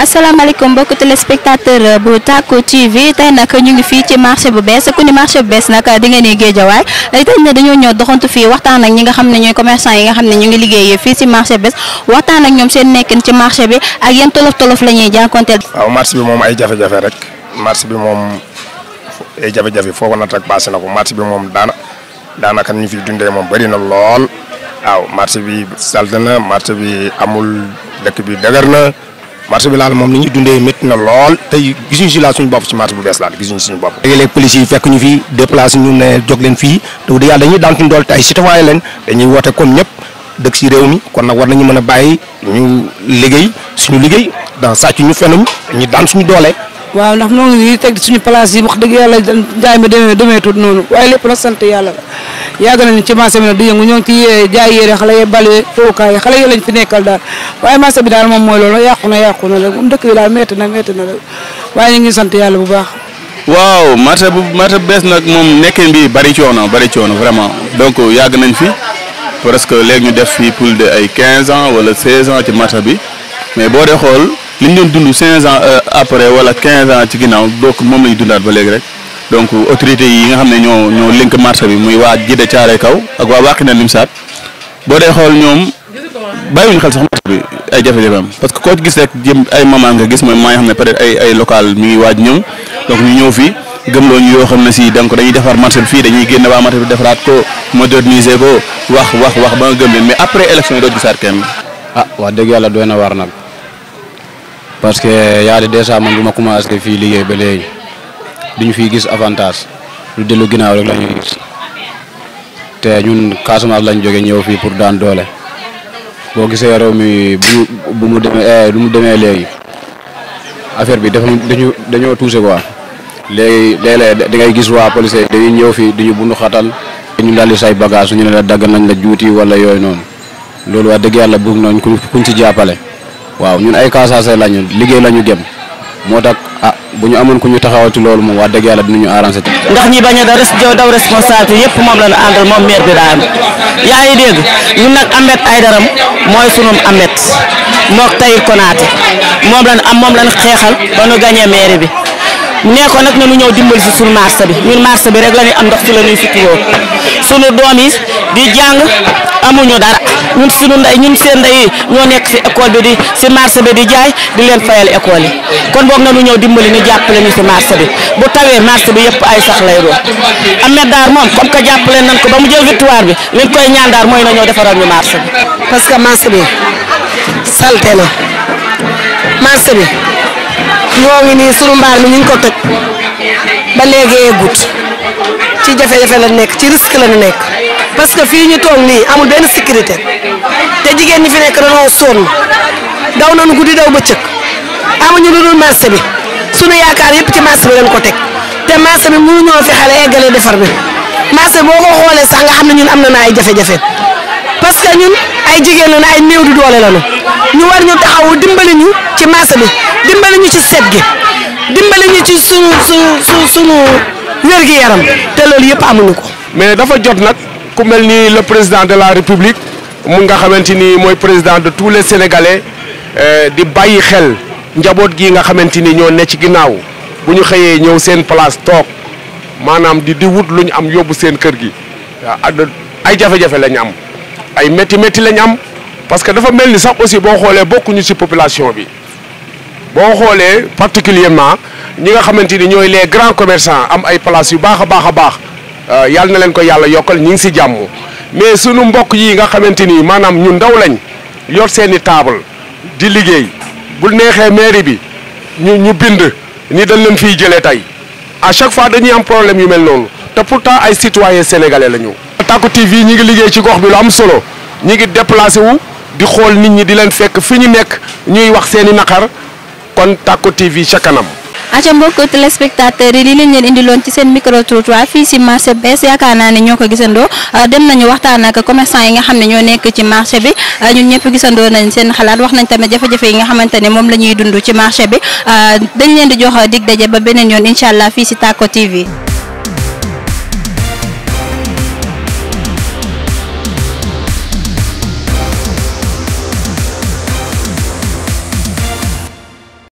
asalaamaaleykum mbokki téléspectateur bu Tacko TV tey nag ñu ngi fii ci marché bu bees ku ni marché bu bees nag di ngeen di géejawaay tey nag dañoo ñëw doxantu fii waxtaan ak ñi nga xam ne ñooy commerçant yi nga ne ñu ngi liggéeyee fii ci marché bu bees waxtaan ak ñoom seen nekkin ci marché bi ak yan tolof tolof la ñuy jànkonteel. waaw marché bi moom ay jafe-jafe rek marché bi moom ay jafe-jafe foo ko natt rek na ko marché bi moom daana daanaka ñu fi dundee moom bëri na lool waaw marché bi salte na bi amul dëkk bi dëgër na. marché bi daal moom ni ñu dundee métti na lool tey gisuñu si laa suñu bopp ci marché bu bees daal gisuñu suñu bopp léeg-léeg police yi fekk ñu fi déplacé ñu ne jóg leen fii te dëgg yàlla dañuy daan suñu dool te ay citoyen leen dañuy woote comme ñëpp dëkk si réew mi kon nag war nañu mën a bàyyi ñu liggéey suñu liggéey dans sàcc ñu fenuñ dañuy daan suñu doolee waaw ndax noonu yi teg suñu place yi wax dëgg yàlla jaay mi demee demeetut noonu waaye lépp la sant yàlla la yàgg nañu ci marché bi di yëngu ñoo ngi ci jaay yére xale yi balee fookaay yi lañ fi nekkal daal waaye marché bi daal moom mooy loolu yàqu na yàqu na rek moom dëkk bi daal métti na waaye ñu ngi sant yàlla bu baax waaw marché bu marché bees nag moom nekkee bi bari coono bari coono vraiment donc yàgg nañ fi presque léegi ñu def fi plus de ay 15 ans wala 16 ans ci marché bi mais boo de xool li ñu doon dund cinq ans euh, après wala quinze ans ci ginnaaw donc moom lañu dundaat ba léegi rek donc autorité yi nga xam ne ñoo ñoo lënk marché bi muy waa Jide Caare kaw ak waa Wakhinane Nimsaat boo dee xool ñoom bàyyiwuñu xel sax marché bi ay jafe-jafe am parce que koo ci gis rek jëm ay maman nga gis mooy maa ngi xam ne peut ay ay local mi ngi waaj ñëw donc ñu ñëw fii gëmloo ñu yoo xam ne si donc dañuy defar marché bi fii dañuy génn waa marché bi defaraat ko moderniser ko wax wax wax ba nga gëm leen mais après élection yi doo gisaat kenn. Ah, yàlla doy na waar nag. parce que yaa di dèjà man bu ma commencé fii liggéey ba léegi duñu fiy gis avantage lu dellu ginnaaw rek la gis te ñun Casamance lañ jóge ñëw fii pour daan doole boo gisee réew mi bu bu mu demee eh, lu mu demee léegi affaire bi dafa dañu dañoo touché quoi léegi léeg da ngay gis waa police yi ñëw fii duñu bundu xatal daal say bagage ñu ne la dagg nañ la juuti wala yooyu noonu loolu wax dëgg yàlla bëgg nañ kuñ ci jàppale waaw ñun ay Casaase lañu liggéey lañu gëm moo tax ah bu ñu amoon ku ñu taxawati loolu moom wax dëgg yàlla dinañu arrangé. ndax ñi bañ a daw daw responsable yëpp moom la ñu àndal moom maire bi daa am yaa ngi dégg ñun nag Ahmed Aïdara mooy sunum Ahmed moog Tahirou Konaté moom lañ am moom lañ xeexal ba nu gagné maire bi. nekkoon nag na ñu ñëw dimbali si suñu marché bi ñun marché bi rek la ñuy am ndox ci la ñuy suturoo suñu doom yi di jàng amuñu dara ñun suñu ndey ñun seen ndey ñoo nekk si école bi di si marché bi di jaay di leen fayal école yi kon boog nañu ñëw dimbali ñu jàppale ñu si bi bu tawee marché bi yëpp ay sax lay doon Ahmed Dar moom comme que jàppale nañ ko ba mu jël victoire bi liñ koy ñaan Dar mooy na ñoo defaral ñu marché bi. parce que marché bi salte na marché bi ñoo ngi nii sunu mbaar mi ñu ko teg ba léegi yeegut ci jafe-jafe la nekk ci risque la nekk. fii ñu toog nii amul benn sécurité te jigéen ñi fi nekk dañoo sonn daw nañu guddi daw bëccëg amuñu lu dul marché bi sunu yaakaar yëpp ci marché bi lañ ko teg te marché bi mënuñoo fexe la eggalee defar bi marché boo ko xoolee sax nga xam ne ñun am na na ay jafe-jafe parce que ñun ay jigéen lañu ay néew di doole lañu ñu war ñu taxawu dimbali ñu ci marché bi dimbali ñu ci set gi dimbali ñu ci sunu sunu sunu wér gi yaram te loolu yëpp amuñu ko. mais dafa jot nag. ku mel ni le président de la république mu nga xamante ni mooy président de tous les sénégalais euh, di bàyyi xel njaboot gi nga xamante ni ñoo ne ci ginnaaw bu ñu xëyee ñëw seen place toog maanaam di di wut lu ñu am yóbbu seen kër gi ay jafe-jafe la ñu am ay métti métti la ñu am parce que dafa mel ni sax aussi boo xoolee bokkuñu ci population bi boo xoolee particulièrement ñi nga xamante ni ñooy les grands commerçants am ay places yu baax a baax a baax Euh, yàlla na leen ko yàlla yokkal ñu ngi si jàmm mais sunu mbokk yi nga xamante ni maanaam ñu ndaw lañ yor seen i taabal di liggéey bu neexee mairie bi ñu ñu bind ni dañ leen fiy jëlee tey à chaque fois dañuy am problème yu mel noonu te pourtant ay citoyens sénégalais la ñu. Tacko TV ñi ngi liggéey ci gox bi lu am solo ñi ngi déplacé wu di xool nit ñi di leen fekk fi ñu nekk ñuy wax seen i naqar kon Tacko TV ca kanam. aca mbokk téléspectateurs yi lii lañ leen indiloon ci seen micro fii si marché bees yaakaar naa ne ñoo ko gisandoo euh, dem nañu waxtaan ak commerçant yi nga xam ne ñoo nekk ci marché bi euh, ñun ñëpp gisandoo nañ seen xalaat wax nañ tamit jafe-jafe yi nga xamante ne moom la ñuy dund ci marché bi euh, dañ leen di jox dig daje ba beneen yoon incha allah fii si Tacko TV